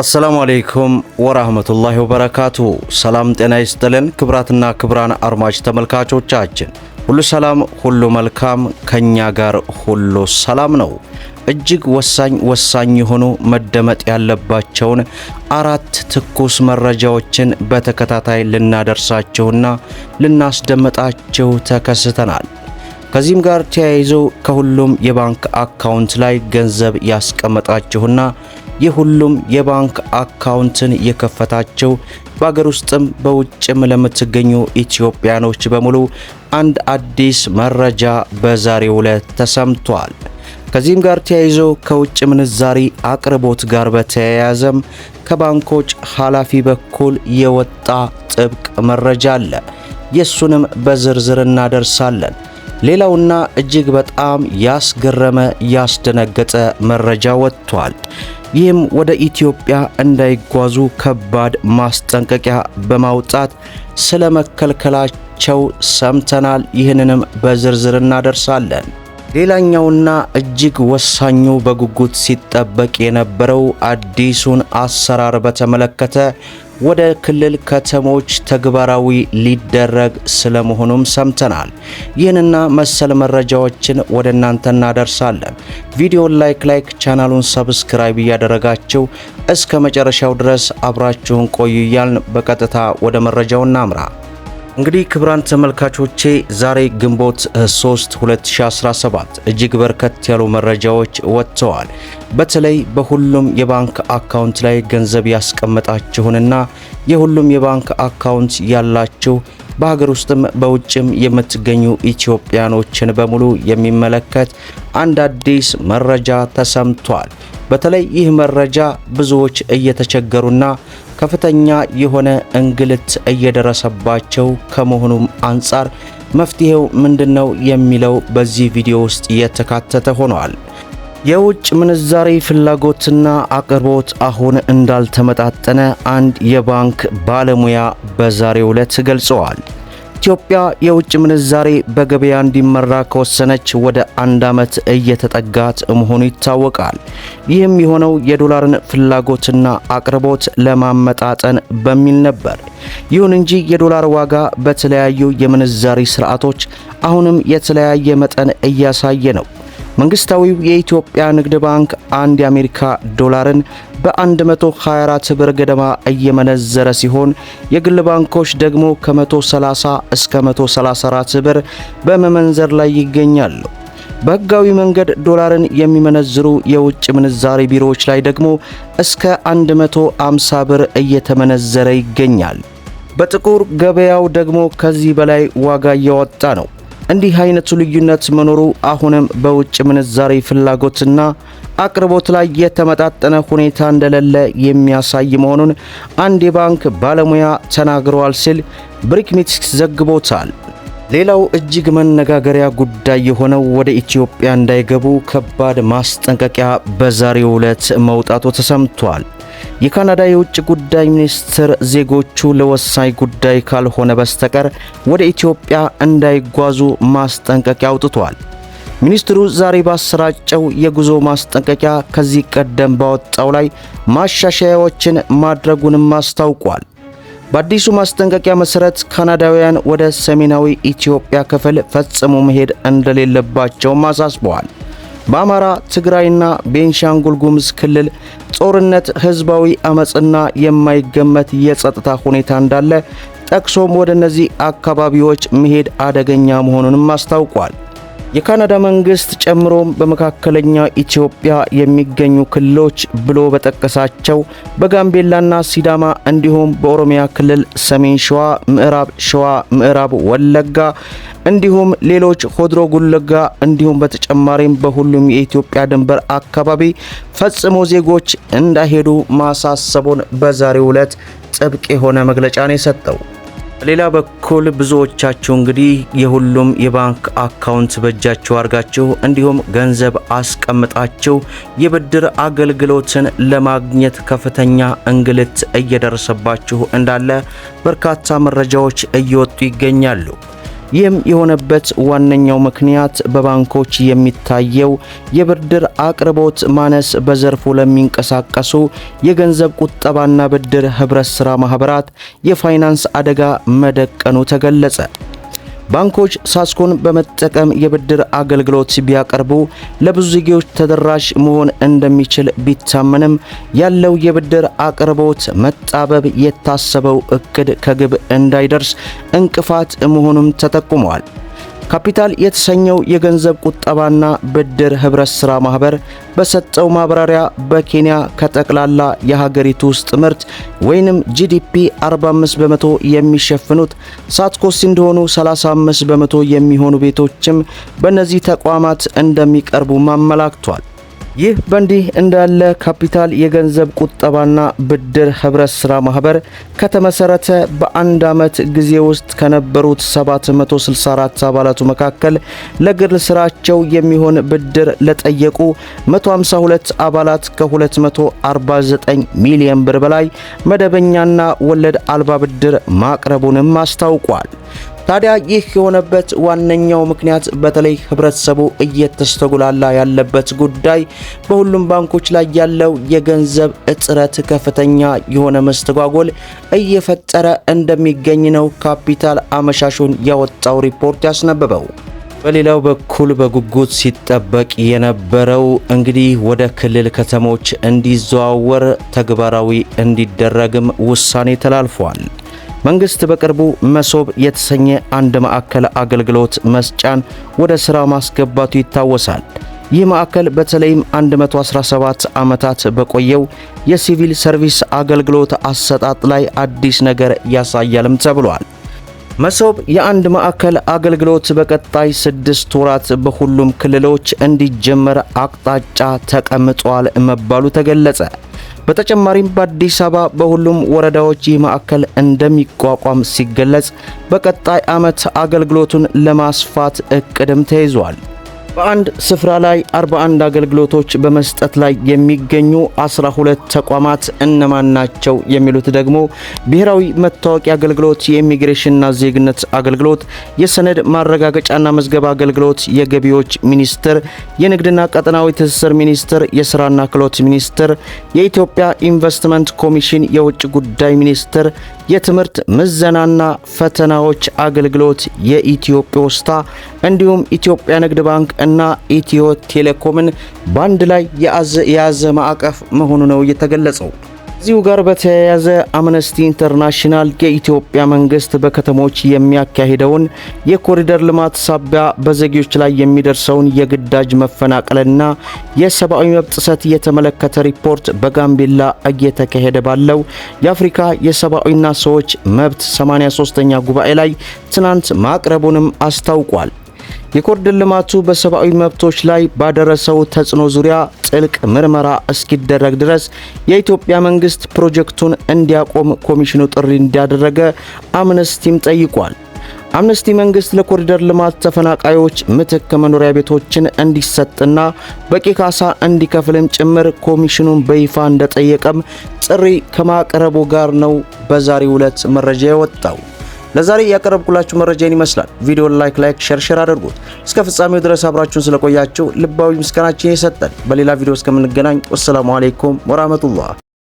አሰላሙ አሌይኩም ወራህመቱላሂ ወበረካቱ። ሰላም ጤና ይስጥልን። ክብራትና ክብራን አድማጭ ተመልካቾቻችን ሁሉ ሰላም፣ ሁሉ መልካም፣ ከኛ ጋር ሁሉ ሰላም ነው። እጅግ ወሳኝ ወሳኝ የሆኑ መደመጥ ያለባቸውን አራት ትኩስ መረጃዎችን በተከታታይ ልናደርሳችሁና ልናስደምጣችሁ ተከስተናል። ከዚህም ጋር ተያይዞ ከሁሉም የባንክ አካውንት ላይ ገንዘብ ያስቀመጣችሁና የሁሉም የባንክ አካውንትን የከፈታቸው በአገር ውስጥም በውጭም ለምትገኙ ኢትዮጵያኖች በሙሉ አንድ አዲስ መረጃ በዛሬው ዕለት ተሰምቷል። ከዚህም ጋር ተያይዞ ከውጭ ምንዛሪ አቅርቦት ጋር በተያያዘም ከባንኮች ኃላፊ በኩል የወጣ ጥብቅ መረጃ አለ። የሱንም በዝርዝር እናደርሳለን። ሌላውና እጅግ በጣም ያስገረመ ያስደነገጠ መረጃ ወጥቷል። ይህም ወደ ኢትዮጵያ እንዳይጓዙ ከባድ ማስጠንቀቂያ በማውጣት ስለ መከልከላቸው ሰምተናል። ይህንንም በዝርዝር እናደርሳለን። ሌላኛውና እጅግ ወሳኙ በጉጉት ሲጠበቅ የነበረው አዲሱን አሰራር በተመለከተ ወደ ክልል ከተሞች ተግባራዊ ሊደረግ ስለመሆኑም ሰምተናል። ይህንና መሰል መረጃዎችን ወደ እናንተ እናደርሳለን። ቪዲዮን ላይክ ላይክ ቻናሉን ሰብስክራይብ እያደረጋችሁ እስከ መጨረሻው ድረስ አብራችሁን ቆዩ እያልን በቀጥታ ወደ መረጃው እናምራ። እንግዲህ ክብራን ተመልካቾቼ ዛሬ ግንቦት 3 2017 እጅግ በርከት ያሉ መረጃዎች ወጥተዋል። በተለይ በሁሉም የባንክ አካውንት ላይ ገንዘብ ያስቀመጣችሁንና የሁሉም የባንክ አካውንት ያላችሁ በሀገር ውስጥም በውጭም የምትገኙ ኢትዮጵያኖችን በሙሉ የሚመለከት አንድ አዲስ መረጃ ተሰምቷል። በተለይ ይህ መረጃ ብዙዎች እየተቸገሩና ከፍተኛ የሆነ እንግልት እየደረሰባቸው ከመሆኑም አንጻር መፍትሄው ምንድነው የሚለው በዚህ ቪዲዮ ውስጥ የተካተተ ሆኗል። የውጭ ምንዛሪ ፍላጎትና አቅርቦት አሁን እንዳልተመጣጠነ አንድ የባንክ ባለሙያ በዛሬው ዕለት ገልጸዋል። ኢትዮጵያ የውጭ ምንዛሬ በገበያ እንዲመራ ከወሰነች ወደ አንድ ዓመት እየተጠጋት መሆኑ ይታወቃል። ይህም የሆነው የዶላርን ፍላጎትና አቅርቦት ለማመጣጠን በሚል ነበር። ይሁን እንጂ የዶላር ዋጋ በተለያዩ የምንዛሪ ስርዓቶች አሁንም የተለያየ መጠን እያሳየ ነው። መንግስታዊው የኢትዮጵያ ንግድ ባንክ አንድ የአሜሪካ ዶላርን በ124 ብር ገደማ እየመነዘረ ሲሆን የግል ባንኮች ደግሞ ከ130 እስከ 134 ብር በመመንዘር ላይ ይገኛሉ። በህጋዊ መንገድ ዶላርን የሚመነዝሩ የውጭ ምንዛሬ ቢሮዎች ላይ ደግሞ እስከ 150 ብር እየተመነዘረ ይገኛል። በጥቁር ገበያው ደግሞ ከዚህ በላይ ዋጋ እያወጣ ነው። እንዲህ አይነቱ ልዩነት መኖሩ አሁንም በውጭ ምንዛሬ ፍላጎትና አቅርቦት ላይ የተመጣጠነ ሁኔታ እንደሌለ የሚያሳይ መሆኑን አንድ የባንክ ባለሙያ ተናግረዋል ሲል ብሪክሚትክስ ዘግቦታል። ሌላው እጅግ መነጋገሪያ ጉዳይ የሆነው ወደ ኢትዮጵያ እንዳይገቡ ከባድ ማስጠንቀቂያ በዛሬው ዕለት መውጣቱ ተሰምቷል። የካናዳ የውጭ ጉዳይ ሚኒስትር ዜጎቹ ለወሳኝ ጉዳይ ካልሆነ በስተቀር ወደ ኢትዮጵያ እንዳይጓዙ ማስጠንቀቂያ አውጥቷል። ሚኒስትሩ ዛሬ ባሰራጨው የጉዞ ማስጠንቀቂያ ከዚህ ቀደም ባወጣው ላይ ማሻሻያዎችን ማድረጉንም አስታውቋል። በአዲሱ ማስጠንቀቂያ መሠረት ካናዳውያን ወደ ሰሜናዊ ኢትዮጵያ ክፍል ፈጽሞ መሄድ እንደሌለባቸውም አሳስበዋል። በአማራ ትግራይና ቤንሻንጉል ጉሙዝ ክልል ጦርነት፣ ህዝባዊ አመፅና የማይገመት የጸጥታ ሁኔታ እንዳለ ጠቅሶም ወደ እነዚህ አካባቢዎች መሄድ አደገኛ መሆኑንም አስታውቋል። የካናዳ መንግስት ጨምሮም በመካከለኛ ኢትዮጵያ የሚገኙ ክልሎች ብሎ በጠቀሳቸው በጋምቤላና ሲዳማ እንዲሁም በኦሮሚያ ክልል ሰሜን ሸዋ፣ ምዕራብ ሸዋ፣ ምዕራብ ወለጋ እንዲሁም ሌሎች ሆድሮ ጉለጋ እንዲሁም በተጨማሪም በሁሉም የኢትዮጵያ ድንበር አካባቢ ፈጽሞ ዜጎች እንዳይሄዱ ማሳሰቡን በዛሬው ዕለት ጥብቅ የሆነ መግለጫ ነው የሰጠው። በሌላ በኩል ብዙዎቻችሁ እንግዲህ የሁሉም የባንክ አካውንት በእጃችሁ አድርጋችሁ እንዲሁም ገንዘብ አስቀምጣችሁ የብድር አገልግሎትን ለማግኘት ከፍተኛ እንግልት እየደረሰባችሁ እንዳለ በርካታ መረጃዎች እየወጡ ይገኛሉ። ይህም የሆነበት ዋነኛው ምክንያት በባንኮች የሚታየው የብድር አቅርቦት ማነስ በዘርፉ ለሚንቀሳቀሱ የገንዘብ ቁጠባና ብድር ህብረት ሥራ ማኅበራት የፋይናንስ አደጋ መደቀኑ ተገለጸ። ባንኮች ሳስኮን በመጠቀም የብድር አገልግሎት ቢያቀርቡ ለብዙ ዜጎች ተደራሽ መሆን እንደሚችል ቢታመንም ያለው የብድር አቅርቦት መጣበብ የታሰበው እቅድ ከግብ እንዳይደርስ እንቅፋት መሆኑም ተጠቁመዋል። ካፒታል የተሰኘው የገንዘብ ቁጠባና ብድር ህብረት ስራ ማህበር በሰጠው ማብራሪያ በኬንያ ከጠቅላላ የሀገሪቱ ውስጥ ምርት ወይንም ጂዲፒ 45 በመቶ የሚሸፍኑት ሳትኮስ እንደሆኑ 35 በመቶ የሚሆኑ ቤቶችም በእነዚህ ተቋማት እንደሚቀርቡ አመላክቷል። ይህ በእንዲህ እንዳለ ካፒታል የገንዘብ ቁጠባና ብድር ህብረት ስራ ማህበር ከተመሰረተ በአንድ ዓመት ጊዜ ውስጥ ከነበሩት 764 አባላቱ መካከል ለግል ስራቸው የሚሆን ብድር ለጠየቁ 152 አባላት ከ249 ሚሊዮን ብር በላይ መደበኛና ወለድ አልባ ብድር ማቅረቡንም አስታውቋል። ታዲያ ይህ የሆነበት ዋነኛው ምክንያት በተለይ ህብረተሰቡ እየተስተጉላላ ያለበት ጉዳይ በሁሉም ባንኮች ላይ ያለው የገንዘብ እጥረት ከፍተኛ የሆነ መስተጓጎል እየፈጠረ እንደሚገኝ ነው ካፒታል አመሻሹን ያወጣው ሪፖርት ያስነበበው። በሌላው በኩል በጉጉት ሲጠበቅ የነበረው እንግዲህ ወደ ክልል ከተሞች እንዲዘዋወር ተግባራዊ እንዲደረግም ውሳኔ ተላልፏል። መንግስት በቅርቡ መሶብ የተሰኘ አንድ ማዕከል አገልግሎት መስጫን ወደ ሥራ ማስገባቱ ይታወሳል። ይህ ማዕከል በተለይም 117 ዓመታት በቆየው የሲቪል ሰርቪስ አገልግሎት አሰጣጥ ላይ አዲስ ነገር ያሳያልም ተብሏል። መሶብ የአንድ ማዕከል አገልግሎት በቀጣይ ስድስት ወራት በሁሉም ክልሎች እንዲጀመር አቅጣጫ ተቀምጧል መባሉ ተገለጸ። በተጨማሪም በአዲስ አበባ በሁሉም ወረዳዎች ይህ ማዕከል እንደሚቋቋም ሲገለጽ በቀጣይ ዓመት አገልግሎቱን ለማስፋት እቅድም ተይዟል። በአንድ ስፍራ ላይ 41 አገልግሎቶች በመስጠት ላይ የሚገኙ 12 ተቋማት እነማን ናቸው? የሚሉት ደግሞ ብሔራዊ መታወቂያ አገልግሎት፣ የኢሚግሬሽንና ዜግነት አገልግሎት፣ የሰነድ ማረጋገጫና መዝገባ አገልግሎት፣ የገቢዎች ሚኒስቴር፣ የንግድና ቀጠናዊ ትስስር ሚኒስቴር፣ የስራና ክህሎት ሚኒስቴር፣ የኢትዮጵያ ኢንቨስትመንት ኮሚሽን፣ የውጭ ጉዳይ ሚኒስቴር የትምህርት ምዘናና ፈተናዎች አገልግሎት የኢትዮ ፖስታ እንዲሁም ኢትዮጵያ ንግድ ባንክ እና ኢትዮ ቴሌኮምን በአንድ ላይ የያዘ ማዕቀፍ መሆኑ ነው የተገለጸው። ከዚሁ ጋር በተያያዘ አምነስቲ ኢንተርናሽናል የኢትዮጵያ መንግስት በከተሞች የሚያካሂደውን የኮሪደር ልማት ሳቢያ በዜጎች ላይ የሚደርሰውን የግዳጅ መፈናቀልና የሰብአዊ መብት ጥሰት የተመለከተ ሪፖርት በጋምቤላ እየተካሄደ ባለው የአፍሪካ የሰብአዊና ሰዎች መብት 83ኛ ጉባኤ ላይ ትናንት ማቅረቡንም አስታውቋል። የኮሪደር ልማቱ በሰብአዊ መብቶች ላይ ባደረሰው ተጽዕኖ ዙሪያ ጥልቅ ምርመራ እስኪደረግ ድረስ የኢትዮጵያ መንግስት ፕሮጀክቱን እንዲያቆም ኮሚሽኑ ጥሪ እንዲያደረገ አምነስቲም ጠይቋል። አምነስቲ መንግስት ለኮሪደር ልማት ተፈናቃዮች ምትክ መኖሪያ ቤቶችን እንዲሰጥና በቂ ካሳ እንዲከፍልም ጭምር ኮሚሽኑን በይፋ እንደጠየቀም ጥሪ ከማቅረቡ ጋር ነው በዛሬው ዕለት መረጃ የወጣው። ለዛሬ ያቀረብኩላችሁ መረጃን ይመስላል። ቪዲዮን ላይክ ላይክ ሼር ሼር አድርጉት። እስከ ፍጻሜው ድረስ አብራችሁን ስለቆያችሁ ልባዊ ምስጋናችን የሰጠን። በሌላ ቪዲዮ እስከምንገናኝ ወሰላሙ አለይኩም ወራህመቱላህ